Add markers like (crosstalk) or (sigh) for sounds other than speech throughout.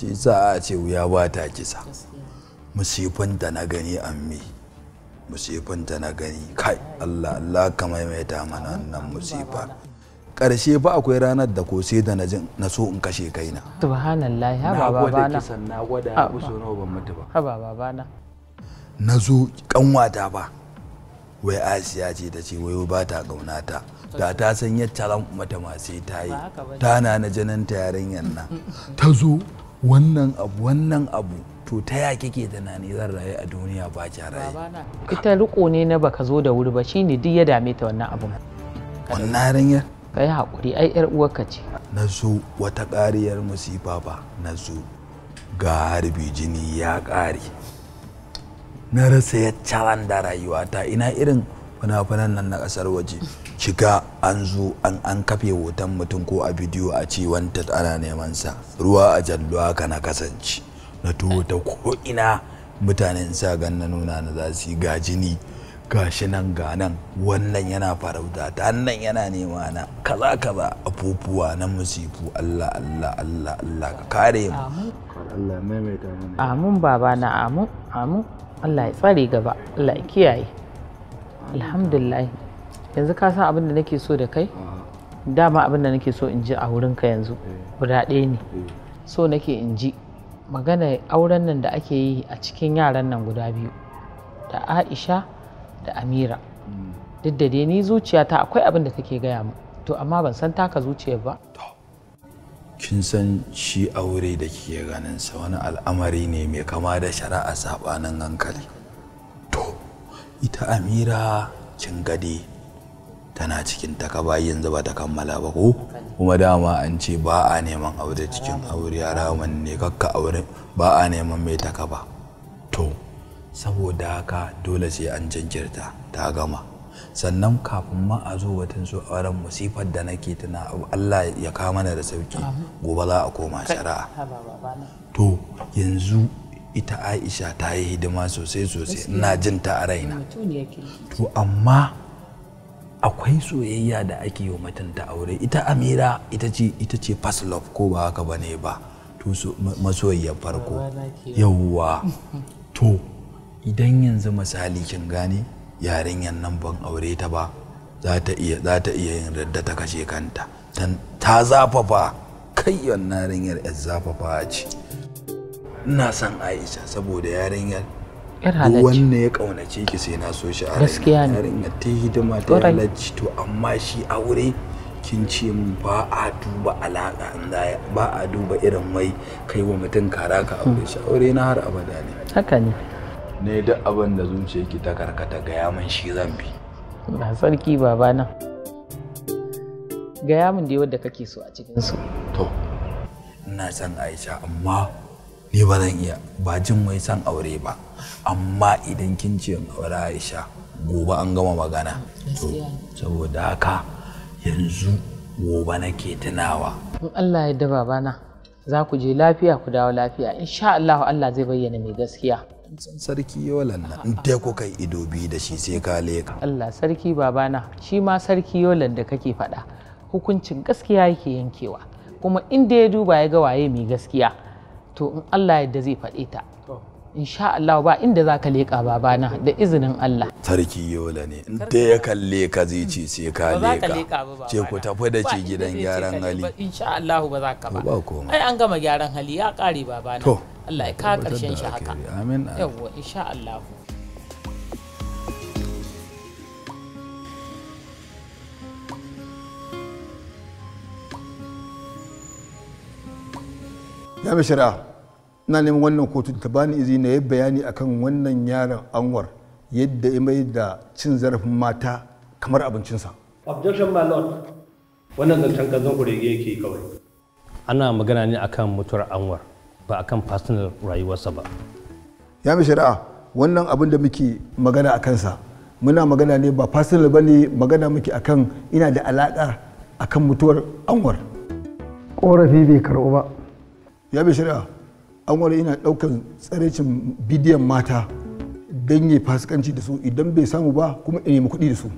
ce sa a ce wuya ba ta kisa musifanta na gani ammi musifanta na gani kai allah allah ka maimaita mana nan musifa karshe ba akwai ranar da ko sai da na jin na so in kashe kaina subhanallahi ha baba ba na kisan na gwada a so nawa ban mutu ba ha baba ba na zo kanwata ba wai asiya ce ta ce wai ba ta ta. da ta san yacca mata masu ta yi ta na na janin ta yarinyar nan ta zo wannan abu wannan abu to ta ya kike tunani zan rayu a duniya ba ki rayu ita riko ne na baka zo da wuri ba shine duk ya dame ta wannan abun wannan yarinyar kai hakuri ai yar uwarka ce na zo wata ƙariyar musifa ba na zo ga harbi jini ya ƙare na rasa ya calan rayuwa ta ina irin fina-finan nan na ƙasar waje shiga an zo an kafe hoton mutum ko a bidiyo a ce wanta ana neman sa ruwa a jalluwa ka na kasance na tuwo ta ko ina mutanen sa gan na nuna na za su yi ga gashi nan ga nan wannan yana farauta ta nan yana nema na kaza kaza abubuwa na musifu Allah Allah Allah Allah ka kare mu amun maimaita mana amin baba na amin amin Allah ya tsare gaba Allah ya kiyaye alhamdulillah yanzu ka san abin da nake so da kai dama abin da nake so in ji a wurin ka yanzu eh. guda ɗaya ne eh. so nake in ji magana auren nan da ake yi a cikin yaran nan guda biyu da aisha da amira mm. duk da dai ni zuciyata akwai abin da take gaya mu to amma ban san taka zuciyar ba kin san shi aure da kike ganin sa wani al'amari ne mai kama da shari'a sabanin hankali to ita amira kin gade tana cikin takabai yanzu ba ta kammala ba ko kuma dama an ce ba a neman aure cikin aure haramun ne kakka aure ba a neman mai takaba to saboda haka dole sai an jinkirta ta gama sannan kafin ma a zo watan su auren musifar da nake tana Allah ya kama da sauki gobe za a koma shari'a to yanzu ita Aisha ta yi hidima sosai sosai ina jin ta a raina to amma akwai soyayya da ake yi wa mutunta aure ita amira ita ce ita ce first love ko ba haka bane ba to masoyiyar farko yawwa to idan yanzu misali kin gane yarinyan nan ban aure ta ba za ta iya za ta iya yin radda ta kashe kanta ta zafafa kai wannan yarinyar zafafa ce ina son Aisha saboda yarinyar wanda ya kaunace ki sai na so shi a gaskiya ne ringa ta hidima ta halacci to amma shi aure kin ce min ba a duba alaka in za ba a duba irin wai kai wa mutum kara ka aure hmm. shi aure na har abada ne haka ne ne duk abin da zuciya ki ta karkata gaya min shi zan bi na sarki baba na gaya min dai wanda kake so a cikin su to ina son Aisha amma ni ba zan iya ba jin mai san aure ba amma idan kin ce aure Aisha gobe an gama magana to saboda haka yanzu gobe nake tunawa in Allah ya daba bana za ku je lafiya ku dawo lafiya insha Allah Allah zai bayyana mai gaskiya sarki yolan nan in dai ku kai ido biyu da shi sai ka leka Allah sarki babana shi ma sarki yolan da kake faɗa hukuncin gaskiya yake yankewa kuma inda ya duba ya ga waye mai gaskiya to in Allah yadda zai faɗe ta insha Allah ba inda za ka leƙa babana da izinin Allah. Sarki yola ne, da ya kalle ka zai ce sai ka leƙa. Ce ku tafi da ce gidan gyaran hali. Insha Allah ba za ka ba. Ba Ai an gama gyaran hali ya ƙare babana. To. Allah ya ka ƙarshen shi haka. Amin. Yawwa insha Allah. Ya mai shari'a. na neman wannan kotun ta bani izini ya bayani akan wannan yaron anwar yadda ya mai da cin zarafin mata kamar abincinsa objection my lord wannan zancen kazan kurege yake kawai ana magana ne akan mutuwar anwar ba akan personal rayuwarsa ba ya mai shari'a wannan abin da muke magana a kansa muna magana ne ba personal ba ne magana muke akan ina da alaƙa akan mutuwar anwar ƙorafi bai karɓu ba ya mai shari'a an wani yana daukan tsaraicin bidiyon mata don yi fasikanci da su idan bai samu ba kuma ya nemi kuɗi da su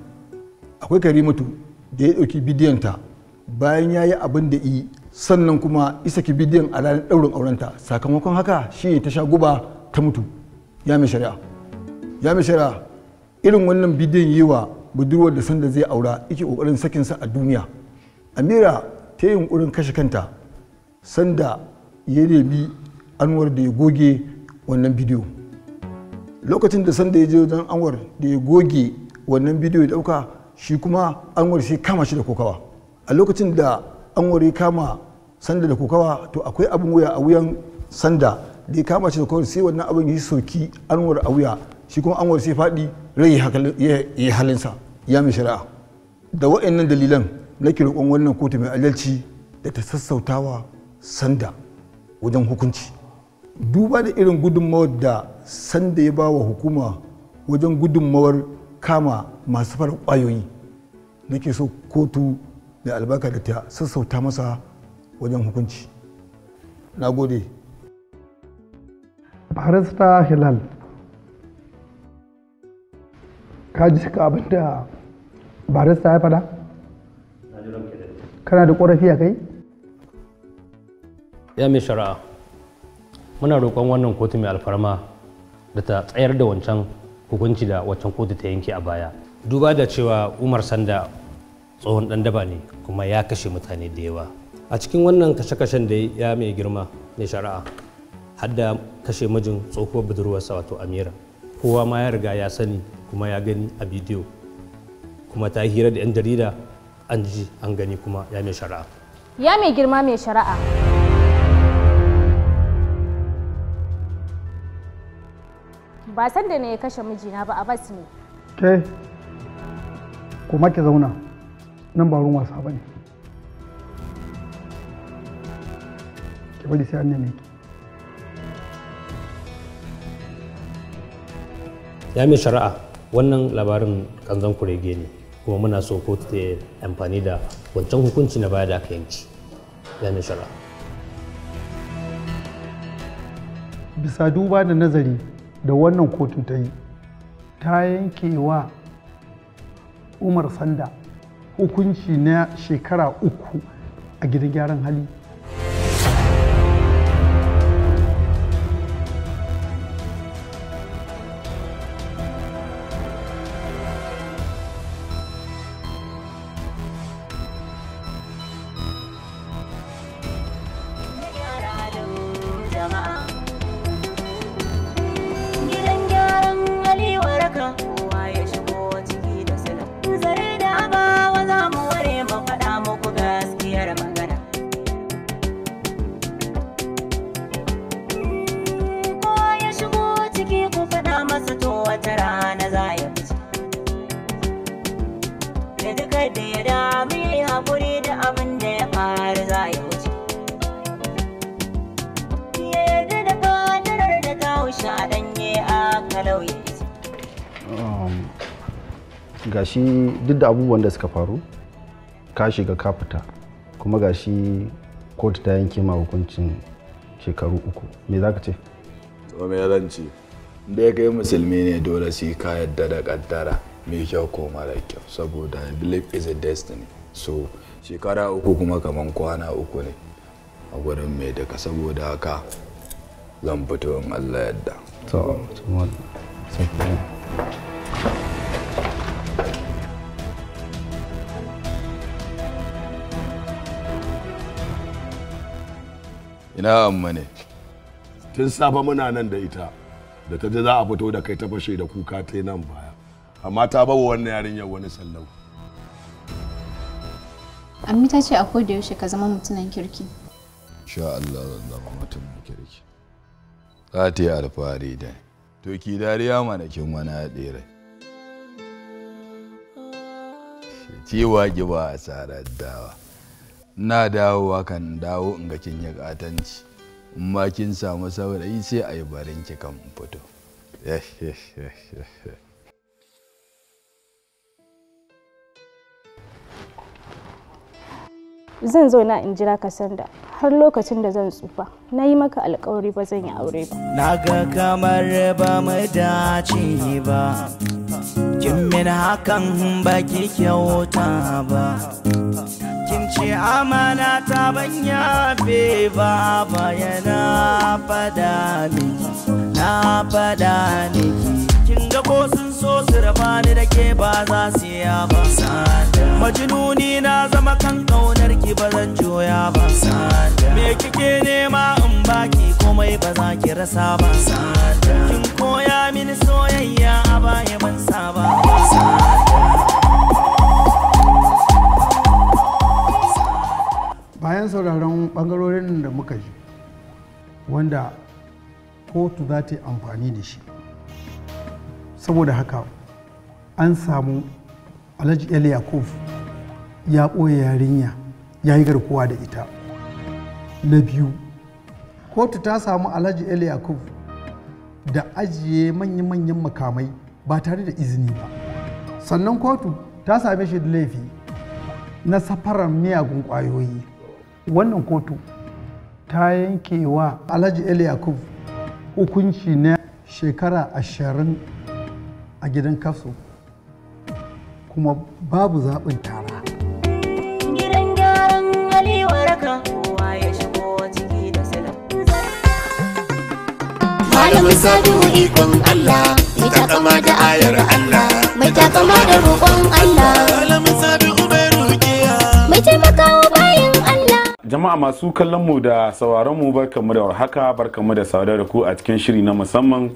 akwai karimatu da ya ɗauki bidiyonta bayan ya yi abin da yi sannan kuma isa ki bidiyon a ranar ɗaurin aurenta sakamakon haka shi ta sha guba ta mutu ya mai shari'a ya mai shari'a irin wannan bidiyon yi wa budurwar da sanda zai aura yake ƙoƙarin sa a duniya amira ta yi yunƙurin kashe kanta sanda ya nemi anwar da ya goge wannan bidiyo lokacin da sanda ya je wajen anwar da ya goge wannan bidiyo ya dauka shi kuma anwar sai kama shi da kokawa a lokacin da anwar ya kama sanda da kokawa to akwai abin wuya a wuyan sanda da ya kama shi da kokawa sai wannan abin ya soki anwar a wuya shi kuma anwar sai faɗi rai ya halinsa ya mai shari'a da wa'annan dalilan na roƙon wannan kotu mai adalci da ta sassautawa sanda wajen hukunci duba da irin gudunmawar da sanda ya ba wa hukuma wajen gudunmawar kama masu fara kwayoyi nake so kotu da albarka da ta sassauta masa wajen hukunci na gode barista hilal ka ji ka abin da barista ya fada kana da ƙorafi a kai ya mai shara'a muna roƙon wannan kotu mai alfarma da ta tsayar da wancan hukunci da wancan kotu ta yanke a baya duba da cewa umar sanda tsohon dan daba ne kuma ya kashe mutane da yawa a cikin wannan kashe-kashen da ya mai girma mai shari'a hadda kashe mijin tsohuwar budurwarsa wato amira kowa ma ya riga ya sani kuma ya gani a bidiyo kuma ta hira da 'yan jarida an ji an gani kuma ya mai shari'a ya mai girma mai shari'a ba san da ne ya kashe mijina ba bas ne ke kuma ki zauna nan ba ruwan wasa bane ki bari sai an neme ki ya mai shari'a wannan labarin kanzon kurege ne kuma muna so ko ta amfani da wancan hukunci na baya da aka yanci. ya mai shari'a bisa duba da nazari da wannan kotun ta yi ta yanke wa umar sanda hukunci na shekara uku a gidan gyaran hali da abubuwan da suka faru ka shiga ka fita kuma ga shi kotu ta yanke ma hukuncin shekaru uku me za ka ce me ya zance da kai musulmi ne dole su ka yadda da kaddara mai kyau ko mara kyau saboda belief is a destiny so shekara uku kuma kamar kwana uku ne a gurin mai daga saboda haka zan fito in allah yadda ina amma ne tun safe muna nan da ita da ta ji za a fito da kai ta fashe da kuka ta nan baya amma ta wa wannan yarinyar wani sallau Ammi ta ce a koda yaushe ka zama mutumin kirki. Insha Allah zan zama mutumin kirki. Za ta yi alfahari da To ki dariya mana kin wani haɗe rai. Ciwa ki ba a tsarar dawa. na dawowa kan dawo in ga kin yi katanci in ma kin samu saurayi sai a yi barin ki kan fito (laughs) zan zauna in jira ka sanda har lokacin da zan tsufa na yi maka alkawari ba zan yi aure ba na ga kamar ba mu dace ba kin min hakan ba ki kyauta ba ce amana ta banya be ba bayana fada miki na fada miki kin ga ko sun so su raba ni da ke ba za su ya ba majinuni na zama kan kaunar ki ba zan joya ba me kike nema in ba ki komai ba za ki rasa ba kin koya mini soyayya a baya ban saba ba bayan sauraron ɓangarorin da muka ji wanda kotu za ta yi amfani da shi saboda haka an samu alhaji el yakub ya ɓoye yarinya ya yi garkuwa da ita na biyu kotu ta samu alhaji el yakub da ajiye manya-manyan makamai ba tare da izini ba sannan kotu ta same shi da laifi na safaran miyagun ƙwayoyi wannan kotu ta yanke wa alhaji eli hukunci na shekara ashirin a gidan kaso kuma babu zaɓin tara gidan gyaran aliwarka kowa ya shigo ciki da sila malamin sabihu ikon allah mai takama da ayar allah mai takama da roƙon allah malamin sabihu mai rukiya mai taimakawa bayan allah jama'a masu kallon mu da sauraron mu mu da warhaka barka mu da saurare da ku a cikin shiri na musamman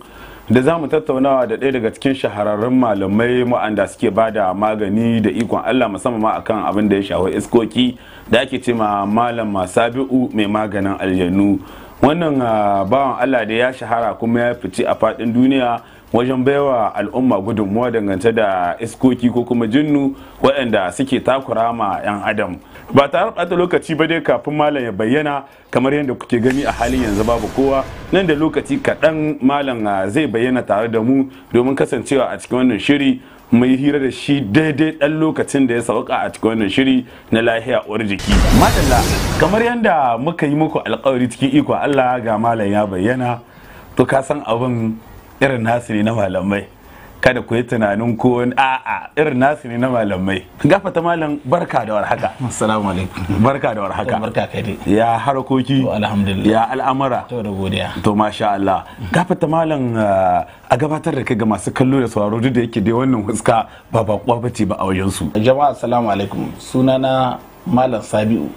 da za mu tattaunawa da ɗaya daga cikin shahararrun malamai ma'anda suke ba da magani da ikon Allah musamman ma akan abin da ya shafi iskoki da ake ce ma malam masabi'u mai maganin aljanu wannan ah, bawan Allah da ya shahara kuma ya fice a faɗin duniya wajen baiwa al'umma gudunmuwa dangance da iskoki ko kuma jinnu waɗanda suke takura ma 'yan adam ba tare da lokaci ba dai kafin malam ya bayyana kamar yadda kuke gani a halin yanzu babu kowa nan da lokaci kaɗan malam ah, zai bayyana tare da mu domin kasancewa a cikin wannan shiri mai hira da shi daidai ɗan lokacin da ya sauka a cikin wannan shiri na lahiya uwar jiki madalla kamar yadda muka yi muku alkawari cikin iko allah ga malam ya bayyana to ka san abin irin nasu ne na malamai kada ku yi tunanin ko a'a irin nasu ne na malamai ta malam barka da warhaka assalamu alaikum barka da warhaka barka kai dai ya harkoki alhamdulillah ya al'amara to da godiya to masha Allah ta malam eh, a gabatar da kai ga masu kallo da sauraro duk da yake dai wannan huska ba bakwa bace ba a wajen su jama'a assalamu alaikum sunana malam Sabiu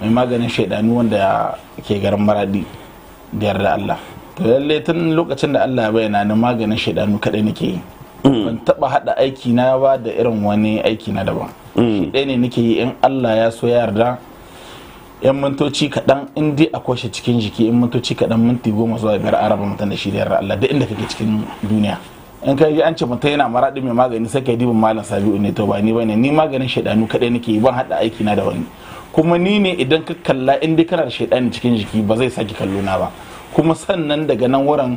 mai maganin shaidanu wanda ke garin Maradi da yarda Allah to lalle tun lokacin da Allah ya bayyana ni maganin shaidanu kadai nake yi mm. ban taba hada aiki na ba da irin wani aiki na daban mm. ɗaya ne nake yi in Allah ya so yarda yan mintoci kaɗan in dai a kwashe cikin jiki yan mintoci kaɗan minti goma zuwa biyar araba mutum da shi da yarda Allah duk inda kake cikin duniya in ka ji an ce mutum yana maraɗi mai magani sai ka dibin malam sabi'u ne to ba ni bane ni maganin shaidanu kaɗai nake yi ban hada aiki na da wani kuma ni ne idan ka kalla in dai kana da shaidani cikin jiki ba zai saki kallo na ba kuma sannan daga nan wurin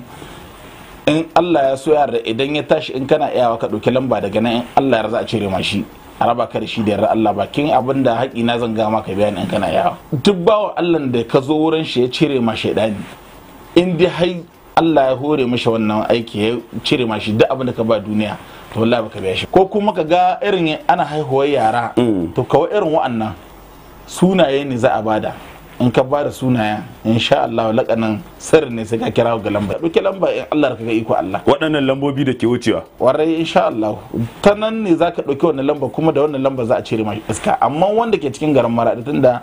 in Allah ya so yarda idan ya tashi in kana iyawa ka ɗauki lamba daga nan in Allah ya za a cire ma shi a raba ka da shi da yarda Allah bakin abin da haƙi na zan gama ka bayani in kana iyawa duk bawa Allah da ka zo wurin shi ya cire ma shaidani in dai hai Allah ya hore mashi wannan aiki ya cire ma shi duk abin da ka ba duniya to wallahi baka biya shi ko kuma ka ga irin ana haihuwar yara mm. to kawai irin wa'annan sunaye ne za a bada in ka bada da in sha Allah lakanin sirrin ne sai ka kira ga lamba dauke lamba in Allah ka ga iko Allah waɗannan lambobi da ke wucewa warai sha Allah ta nan ne zaka ɗauki wannan lamba kuma da wannan lamba za a cire mai iska amma wanda ke cikin garin tun da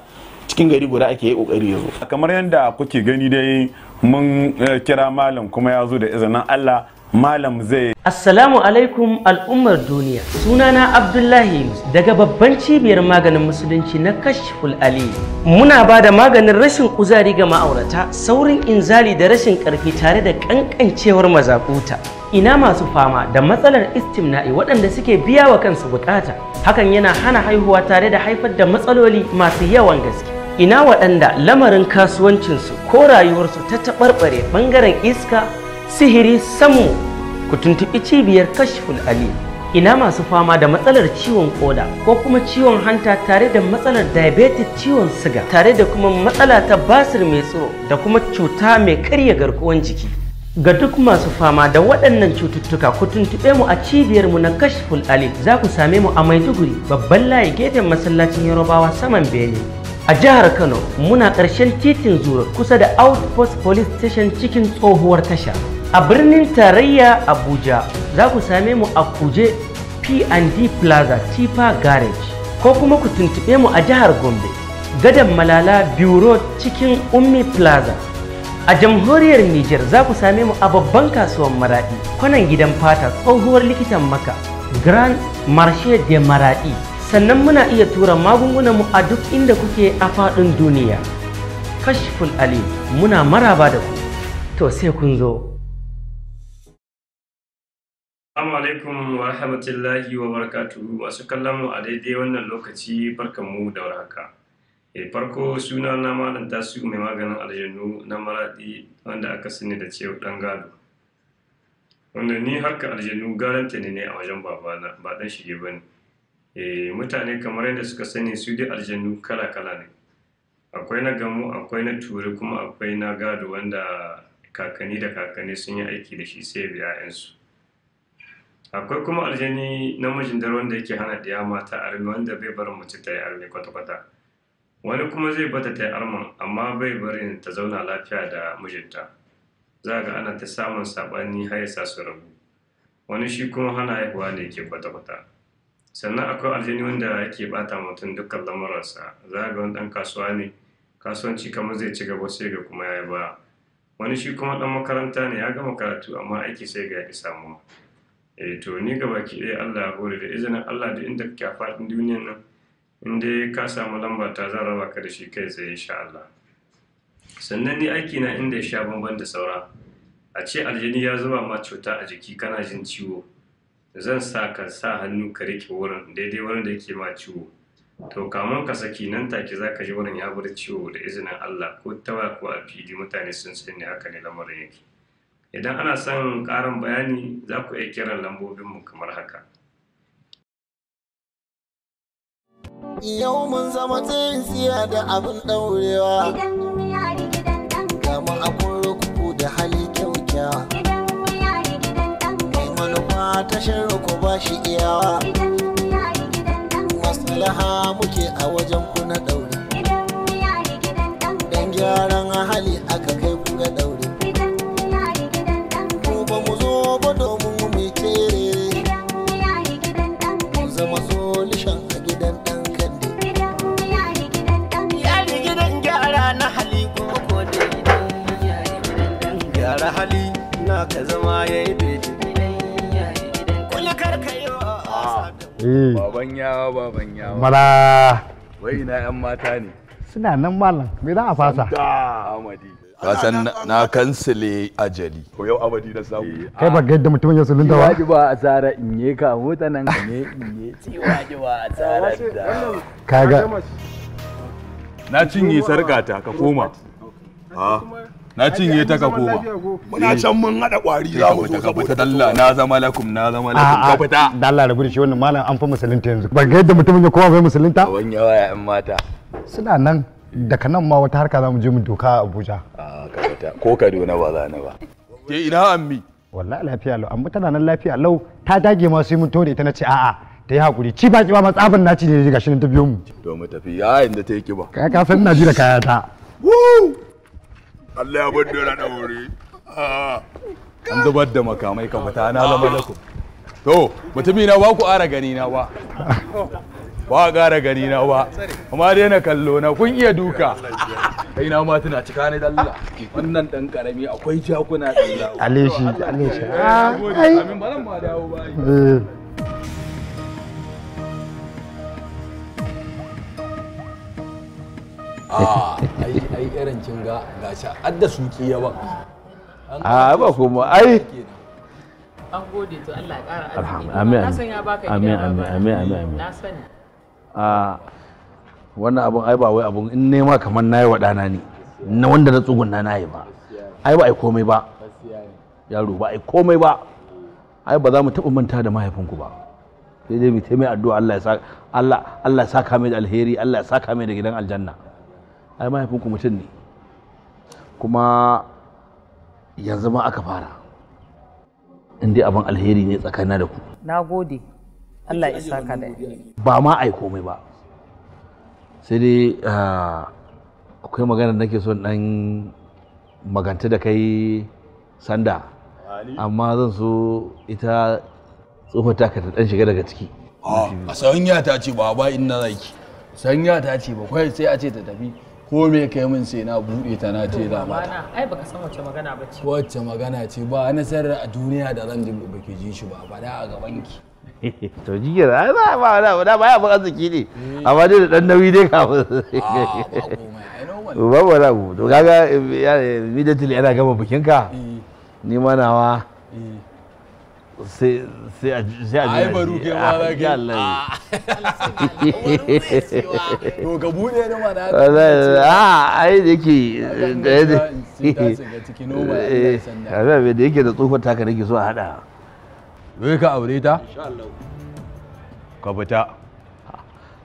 cikin gari guda ake yi kokari yazo kamar yadda kuke gani dai mun eh, kira malam kuma ya zo da izinin Allah Malam zai. Assalamu alaikum al'ummar duniya. Sunana Abdullahi daga babban cibiyar maganin musulunci na Kashful Ali. Muna ba da maganin rashin kuzari ga ma'aurata, saurin inzali da rashin ƙarfi tare da ƙanƙancewar mazakuta. Ina masu fama da matsalar istimna'i waɗanda suke biya wa kansu bukata. Hakan yana hana haihuwa tare da haifar da matsaloli masu yawan gaske. Ina waɗanda lamarin kasuwancinsu ko rayuwarsu ta taɓarɓare ɓangaren iska sihiri samu ku tuntuɓi cibiyar kashful ali ina masu fama da matsalar ciwon koda ko kuma ciwon hanta tare da matsalar diabetes ciwon siga tare da kuma matsala ta basir mai tsoro da kuma cuta mai karya garkuwan jiki ga duk masu fama da waɗannan cututtuka ku tuntuɓe mu a cibiyar mu na kashful ali za ku same mu a maiduguri babban layi gefen masallacin yarobawa saman bene a jihar kano muna ƙarshen titin zura kusa da outpost police station cikin tsohuwar tasha a birnin tarayya abuja za ku same mu a kuje p&d plaza tifa garage ko kuma ku tuntube mu a jihar gombe gadon malala bureau cikin ummi plaza a jamhuriyar niger za ku same mu a babban kasuwan maradi kwanan gidan fata tsohuwar likitan maka grand marché de maradi sannan muna iya tura magungunan mu a duk inda kuke a faɗin duniya kashful ali muna maraba da ku to sai kun zo Assalamu alaikum wa rahmatullahi wa barakatuhu masu kallon mu a daidai wannan lokaci mu da warhaka. Eh, farko suna na malam tasu mai maganin aljanu na maradi wanda aka sani da cewa dan gado. Wanda ni harka aljanu garanta ne ne a wajen babana ba dan shige ba ne. Eh, mutane kamar yadda suka sani su dai aljanu kala kala ne. Akwai na gamu, akwai na turi kuma akwai na gado wanda kakanni da kakanni sun yi aiki da shi sai biya 'yansu. akwai kuma aljani mijin dare wanda yake hana ɗiya mata armi wanda bai bar mace ta yi armi kwata-kwata wani kuma zai bata ta yi arman amma bai barin ta zauna lafiya da mijinta za ga ana ta samun saɓani har ya su rabu wani shi kuma hana haihuwa ne ke kwata-kwata sannan akwai aljani wanda yake bata mutum dukkan lamuransa za ga wani ɗan kasuwa ne kasuwanci kamar zai ci gaba sai ga kuma ya yi ba wani shi kuma ɗan makaranta ne ya gama karatu amma aiki sai ga ya samuwa eh to ni gaba baki ɗaya Allah ya hore da izinin Allah da inda kake a faɗin nan in dai ka samu lamba ta zan raba ka da shi kai sai insha Allah sannan ni aiki na inda ya sha bamban da saura a ce aljini ya zuba ma cuta a jiki kana jin ciwo zan sa ka sa hannu ka rike wurin daidai wurin da yake ma ciwo to kamun ka saki nan take za ka ji wurin ya bar ciwo da izinin Allah ko ta ko a fili mutane sun sani haka ne lamarin yake idan ana son ƙarin bayani za ku iya kiran lambobinmu kamar haka yau mun zama tsintsiya da abin ɗaurewa idan duniya gidan ɗan. kama rukuku da hali kyaukya idan duniya da gidan ɗan. mai tashar ruku ba shi iyawa idan duniya gidan muke a wajen kuna ɗaurewa Baban yawa baban yawa. Mara. Wai ina yan mata ne. Suna nan malam, me za a fasa? Da Amadi. Ka na kansile ajali. Ko yau Amadi na samu. Eh, Kai ba ga yadda mutumin ya sulunta ba. Ji ba asara in ye ka mota nan ka ne in ye. Ciwa ji ba asara da. Kaga. Na cinye sarkata ka koma. Ah. na cinye ta ka koma muna eh. can mun hada kwari za mu zo ka fita dalla na zama lakum na zama lakum ka fita dalla da shi wannan malam an fa musulunta yanzu ban ga yadda mutumin ya koma bai musulunta wan yawa ya mata suna nan daga nan ma wata harka za mu je mu doka a Abuja a ka fita ko Kaduna ba za na ba ke ina ammi wallahi lafiya lau amma tana nan lafiya lau ta dage ma sai mun tore ita na ce a'a ta yi hakuri ci ba ci ba matsafin ci ne ga shi ta biyo mu to mu tafi ya inda ta yi kiba ka san na ji da kayata Allah ya bar dora da wuri. Ah. An zubar da makamai ka fita na zama ku. To, mutumi na ba ku ƙara gani na ba. Ba ƙara gani na ba. Amma dai na kallo na kun iya duka. Kai na ma tana cika ne dalla. Wannan dan karami akwai jakuna dalla. Alishi, Alishi. Ah, ai. Amin ba ma dawo ba. Eh. Ah, ai ai irin kin ga gashi adda suki yawa a ba kuma ai an gode to Allah ya kara arziki amin na san ya baka amin amin amin amin amin na san a wannan abun ai ba wai abun in nema kamar nayi wa dana ne na wanda na tsugunna nayi ba ai ba ai komai ba yaro ba ai komai ba ai ba za mu taɓa manta da mahaifinku ba sai dai mu taimai addu'a Allah ya saka Allah Allah ya saka mai da alheri Allah ya saka mai da gidan aljanna ai mahaifinku mutum ne kuma yanzu ma aka fara in dai abin alheri ne tsakanin da ku na gode Allah ya saka da ba ma ai komai ba sai dai ah, akwai magana nake son dan maganta da kai sanda amma zan so ita tsofa ta ta dan shiga daga ciki a ah, sanya ta ce ba ba inna zaki sanya ta ce ba kai sai a ce ta tafi ko me kai min sai na bude ta na ce da mata ai baka san wace magana ba ce wace magana ce ba nasarar a duniya da zan ji ke ji shi ba da a gaban ki (laughs) to jiya da ba ba da ba baya ba ne eh. amma dai da dan nauyi dai kafin ah, ba ba da to kaga eh, immediately ana gama bikinka eh. ni ma nawa sai sai a ji ai baru ke ma za ka Allah (laughs) to ga bude ne ma na a ai da yake da yake da yake da tsofar taka nake so a hada zai ka aure ta ka fita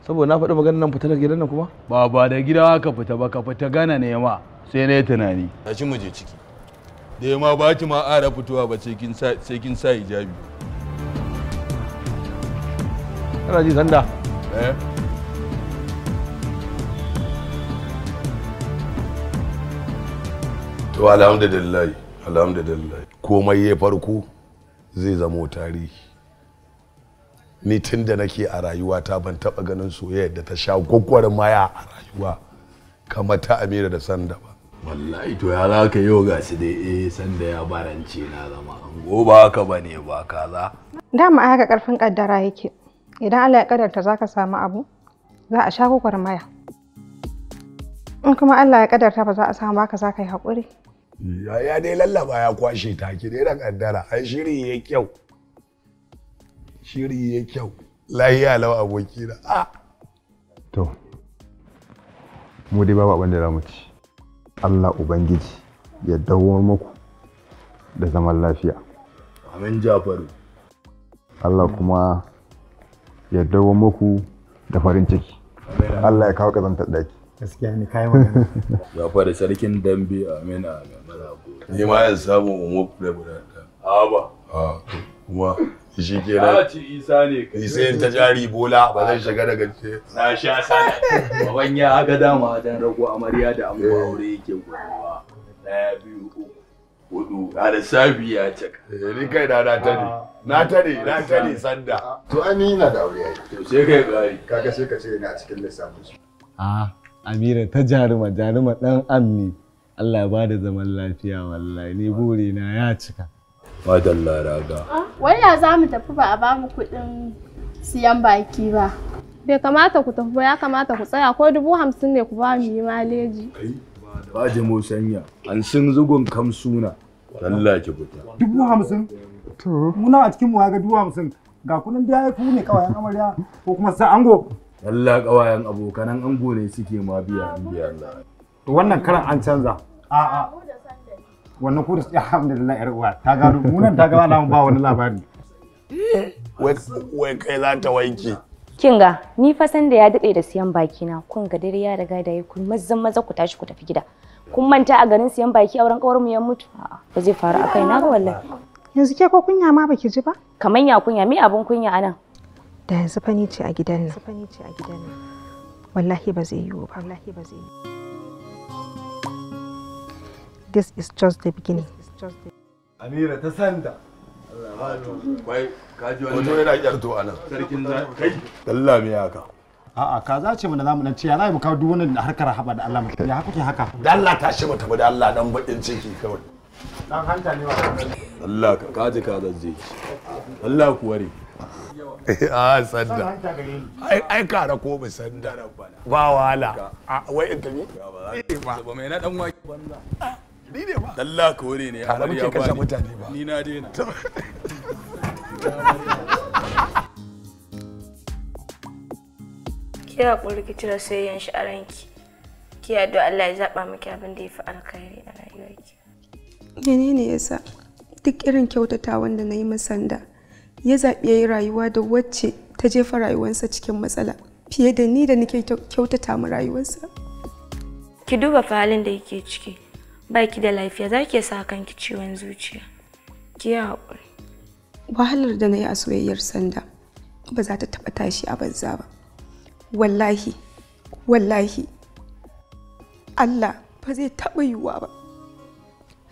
saboda na faɗi maganar nan fita da gidan nan kuma ba ba da gida ka fita ba ka fita gana ne ma sai na yi tunani tashi mu je ciki da ya ma ba ki ma ara fitowa ba sai kin sa hijabi kana ji sanda eh to alhamdulillah alhamdulillah komai ya farko zai zamo tarihi ni tun da nake a rayuwa ta ban taɓa ganin soyayya da ta sha maya a rayuwa kamar ta amira da sanda ba wallahi to ya za ka yi ga su dai eh sanda ya barance na zama ango ba ka bane ba kaza dama a haka karfin kaddara yake idan Allah ya kadarta zaka samu abu za a sha maya, in kuma Allah ya kadarta ba za a samu baka za ka yi haƙuri ya dai lallaba ya kwashe ta ki dai da kaddara ai shiri ya kyau shiri ya kyau lahiya lau abokina a ah! to mu dai babu abin da za mu ci Allah Ubangiji ya dawo muku da zaman lafiya. Amin Jafaru. Allah kuma ya dawo muku da farin ciki. Allah ya kawo kazantar daki. Gaskiya ne kai magana. (laughs) Jafaru sarkin dambe amin amin. Ni ma yanzu samu mu mu da guda. Aba. Ah. Kuma shi ke nan isa ta jari bola ba zan shiga daga ce na sha sana baban ya haka dama dan rago amarya da an eh. aure yake gwarawa daya biyu uku hudu a lissafi ya caka. Eh, ni kai na na ne ah. na tare na tare sanda to an yi na da aure ai to sai kai bari kaga sai ka ce ina cikin lissafin su a ah, amira ta jaruma jaruma dan ammi Allah ya bada zaman lafiya wallahi ni burina ya cika Madalla raga. Ah, Waya za mu tafi ba a ba mu kuɗin siyan baki ba. Bai kamata ku tafi ba ya kamata ku tsaya ko dubu hamsin ne ku ba mu yi maleji. Ba da mu sanya an sun zugun kam suna. Allah ki fita. Dubu hamsin? To. Muna a cikin mu ga dubu hamsin. Ga kunan da ya ku ne kawayen amarya ko kuma sa ango. Allah kawayen abokanan ango ne suke ma biya biya Allah. Wannan karan an canza. A'a. wannan kudus (laughs) ya alhamdulillah yar uwa ta gano munan ta gano alamun ba wani labari eh, wai kai za ta wanke Kinga, ni fa san da ya dade da siyan baki na kun ga dare ya riga da yi kun mazan maza ku tashi ku tafi gida kun manta a garin siyan baki auren kawar mu ya mutu ba zai faru akai na ga wallahi yanzu ke ko kunya ma baki ji ba kaman ya kunya me abun kunya anan da yanzu fa ni ce a gidan nan wallahi ba zai yiwu ba wallahi ba zai yiwu This is just the beginning. Amira ta sanda. wani. yana kyarto a nan. Sarkin za kai. haka. A'a ka ce mana zamu ce ya za mu kawo duk haba da Allah ya haka ke haka. Da Allah da Allah bakin ciki kawai. Dan ka ka Allah ku ware. a sanda ai kara ko sanda ba wahala ba mai ah. ni ne ba Allah ka ware ne tare muke kashe mutane ba ni na daina Kiya haƙuri ki cire sayyan shi a ranki ki yadda Allah ya zaɓa miki abin da ya fi alkhairi a rayuwarki menene yasa duk irin kyautatawan da na yi masanda ya zaɓi ya rayuwa da wacce ta jefa rayuwarsa cikin matsala fiye da ni da nake kyautata ma rayuwarsa ki duba halin da yake ciki baki da lafiya zaki ki sa kanki ciwon zuciya ki yi haƙuri wahalar da na yi a soyayyar sanda ba za ta taɓa tashi a banza ba wallahi wallahi allah ba zai taɓa yiwuwa ba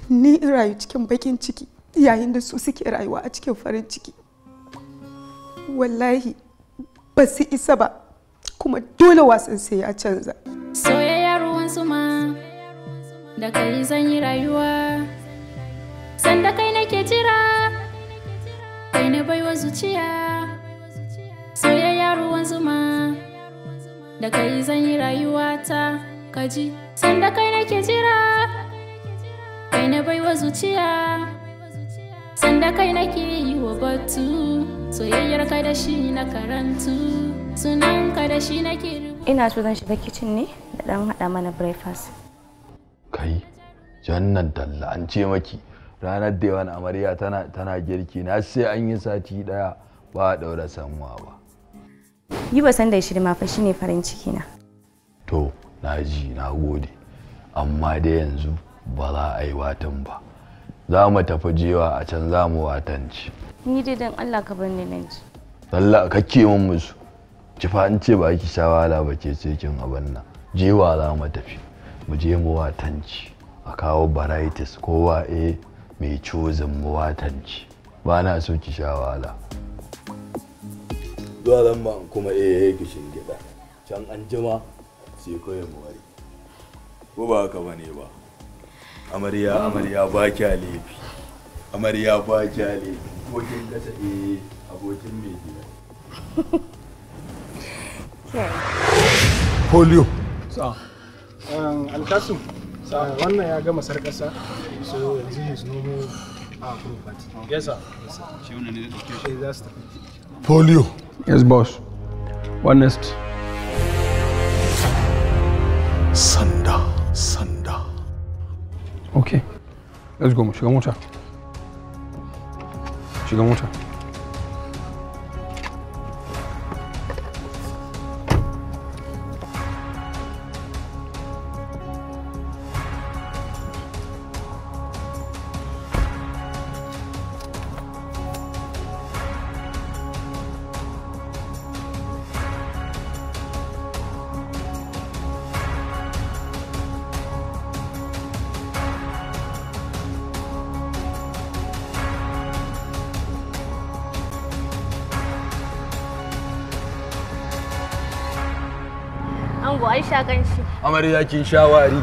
ni in rayu cikin baƙin ciki yayin da su suke rayuwa a cikin farin ciki wallahi ba su isa ba kuma dole wasan sai ya canza. da kai zan yi rayuwa sanda kai nake jira kai ne baiwa zuciya soyayya ruwan zuma da kai zan yi rayuwa ta kaji sanda kai nake jira kai ne baiwa zuciya sanda kai nake yi wa batu soyayyar ka da shi na karantu sunan ka da shi nake rubuta ina so zan shiga kicin ne da dan hada mana breakfast kai jannan dalla an ce maki ranar da yawan amarya tana girki na sai an yi sati daya ba a daura samuwa ba yi ba san da shi ne farin ciki na to na ji na gode amma da yanzu ba za a yi watan ba za mu tafi jewa a can za mu watanci ni dai don Allah ka bar ni nan ji Allah kake min musu ki fa an ce ba ki shawala ba ke cikin abin nan jewa za mu tafi mu je mu watanci a kawo varieties kowa eh, e mai cozin mu watanci ba na so ki sha wahala zuwa zan ba kuma a eh, ya eh, gishin gida can an jima sai kawai mu wari ko ba haka ba ne ba amarya amarya ba kya laifi amarya ba kya laifi abokin kasa e abokin mai gida (laughs) polio Um, alkasim wannan ya gama sarƙasa so yanzu his normal uh, ah, property yes sir shi wannan ne za su tafi polio yes boss one next sanda sanda okay let's go shiga mota shiga mota ya kin shawari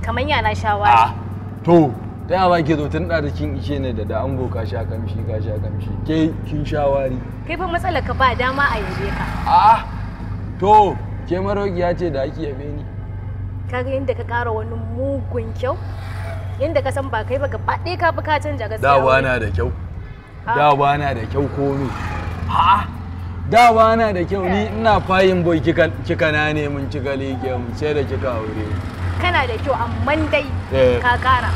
kamar yana shawari ah to ta yawa ke zo tun da kin ishe ne da da an boka sha kamshi ka sha kamshi ke kin shawari kai fa matsala ka ba dama a yabe ka ah to ke ya ce da ake yabe ni ga yadda ka ƙara wani mugun kyau yadda ka san ba kai ba gaba ɗaya ka fi ka canja gaskiya dawa na da kyau ah. dawa na da kyau komi ha ah, da na da kyau ni eh. ina fayin boy kika na ne mun kika leke mun sai da kika aure kana da kyau amma dai eh. ka kara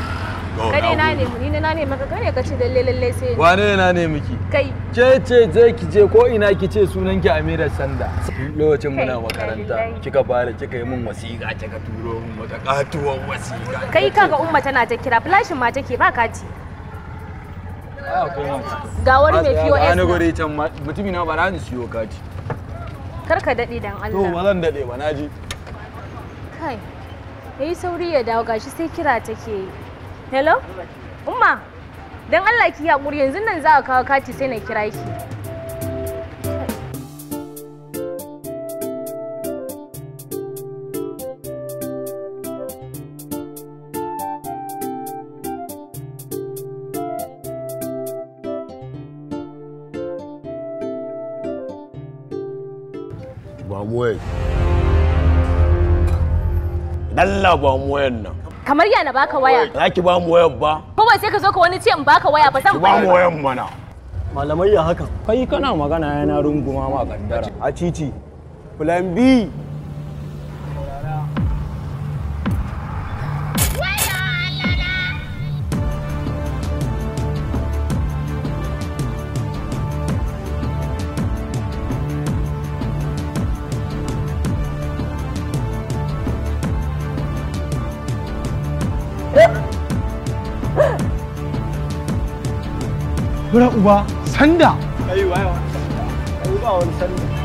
kare na ne ni na ne maka kare ka ce lalle lalle sai wane na ne miki kai ce ce je ki je ko ina ki ce sunan ki Amira Sanda lokacin muna makaranta kika fara kika yi min wasiƙa kika turo min wata katuwar wasiƙa kai kaga umma tana ta kira flashin ma take ba ci Ga wani mai POS. Wani guri can mutumi na bara ni siyo kati. Kar ka daɗe dan Allah. To ba zan daɗe ba naji. Kai. Yayi sauri ya dawo gashi sai kira take yi. Hello? Umma. Dan Allah ki haƙuri yanzu nan za a kawo kati sai na kira ki. Mamuwai. dalla ba mu wayan nan. Kamar ya na baka waya. Za ki ba mu wayan ba. ba sai ka zo ka wani ce in baka waya ba zan ba. ba mu wayan mana. Malamai ya haka. Kai kana magana yana runguma ma kaddara. A titi. Plan B 哇，真的！还有没有？还有没有深的？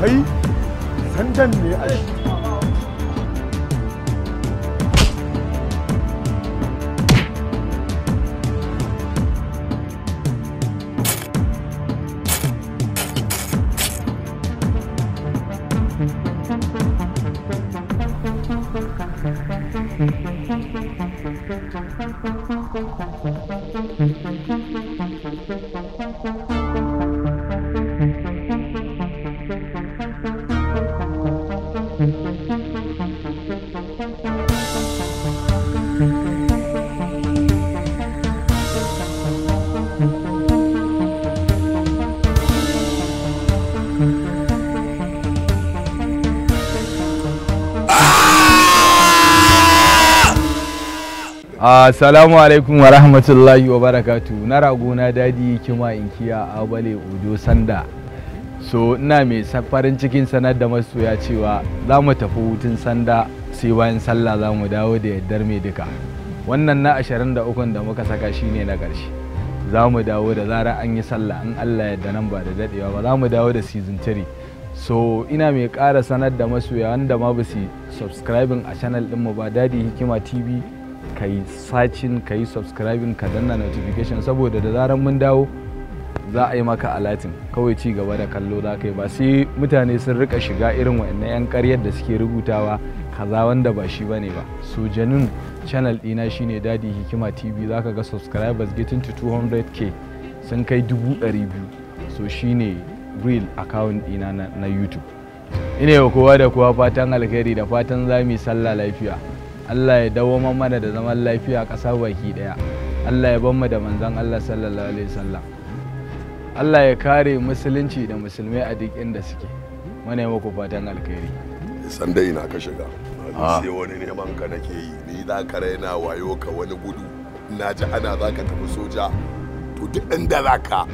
哎，真正的爱 Assalamu alaikum wa rahmatullahi wa barakatu na ragona dadi kima inkiya a bale ojo sanda so ina mai farin cikin sanar da masoya cewa za mu tafi hutun sanda sai bayan sallah za mu dawo da yaddar mai duka wannan na 23 da muka saka shine na ƙarshe za mu dawo da zara an yi sallah in allah yadda nan ba da daɗewa ba za mu dawo da season 3 so ina mai kara sanar da masoya wanda ma ba su subscribing a channel ɗinmu ba dadi hikima tv ka yi sacin ka yi subscribing ka danna notification saboda da zarar mun dawo za a yi maka alatin kawai ci gaba da kallo za ka yi ba sai mutane sun rika shiga irin wa'annan 'yan karyar da suke rubutawa kaza wanda ba shi bane ba so janin channel ɗina shine dadi hikima tv za ka ga subscribers getting to 200k sun kai 200,000 so shine real account ɗina na youtube ina yau kowa da kowa fatan alkhairi da fatan za mu yi sallah lafiya Allah ya dawo mana da zaman lafiya a ƙasa baki ɗaya Allah ya mu da manzon Allah sallallahu alaihi wasallam Allah ya kare musulunci da musulmai a duk inda suke mana yi muku fatan alkhairi san dai ina ka shiga ah. sai wani neman ka nake yi ni da ka raina wayo ka wani gudu na ji ana za ka tafi soja to duk inda za ka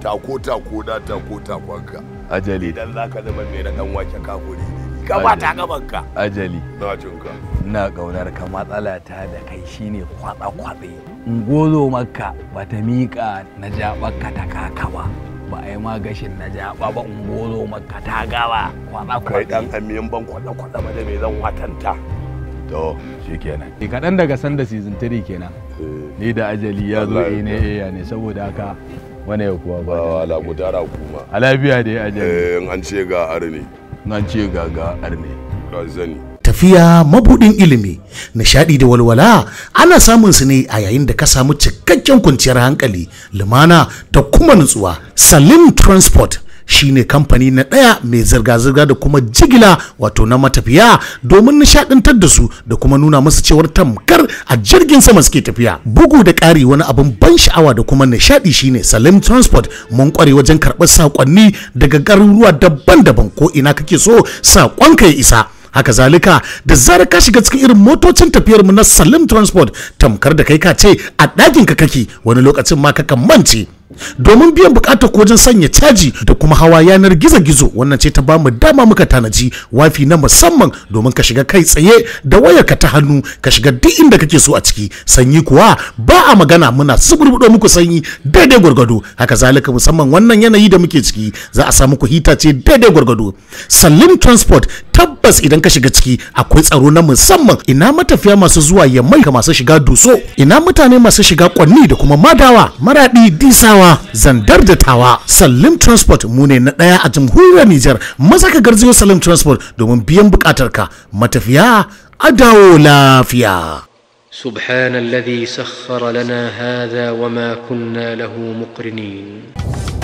tako tako da tako takonka ajali dan za ka zama mai na dan wake kafuri gaba ta gabanka ajali bacunka na kaunar ka matsala ta da kai shine kwatsa kwatsa gozo makka ba ta miƙa na jaɓarka ta kaka ba ba a yi ma gashin na jaɓa ba gozo makka ta gaba ba. kwatsa kai dan amiyan ban kwatsa kwatsa ba da me zan watanta to shikenan ni kaɗan daga sanda season 3 kenan eh. ni da ajali ya zo a ne ne saboda haka wani ya kuwa ba wala gudara kuma a lafiya da ajali eh an ce ga arni na ce gaga arne razani tafiya mabudin ilimi nishadi da walwala ana samun su ne a yayin da ka samu cikakken kwanciyar hankali lumana da kuma nutsuwa salim transport shine kamfani na ɗaya mai zirga-zirga da kuma jigila wato na matafiya domin nishaɗantar da su da kuma nuna musu cewar tamkar a jirgin sama suke tafiya bugu da ƙari wani abin ban sha'awa da kuma nishaɗi shine salim transport mun ƙware wajen karɓar saƙonni daga garuruwa daban-daban ko ina kake so saƙonka ya isa haka zalika da zara ka shiga cikin irin motocin tafiyar mu na salim transport tamkar da kai ka ce a ɗakin ka kake wani lokacin ma ka mance domin biyan bukatar wajen sanya caji da kuma hawa yanar gizo-gizo wannan ce ta ba mu dama muka tanaji wafi na musamman domin ka shiga kai tsaye da wayarka ta hannu ka shiga duk inda kake so a ciki sanyi kuwa ba a magana muna suburbudo muku sanyi daidai gwargwado haka zalika musamman wannan yanayi da muke ciki za a samu ku hita ce daidai gwargwado salim transport tabbas idan ka shiga ciki akwai tsaro na musamman ina matafiya masu zuwa yammai ka masu shiga duso ina mutane masu shiga kwanni da kuma madawa maradi disa hawa zandar da tawa salim transport mu ne na ɗaya a jamhuriyar nijar maza ka garzayo salim transport domin biyan buƙatarka matafiya a dawo lafiya سبحان الذي سخر لنا هذا وما كنا له مقرنين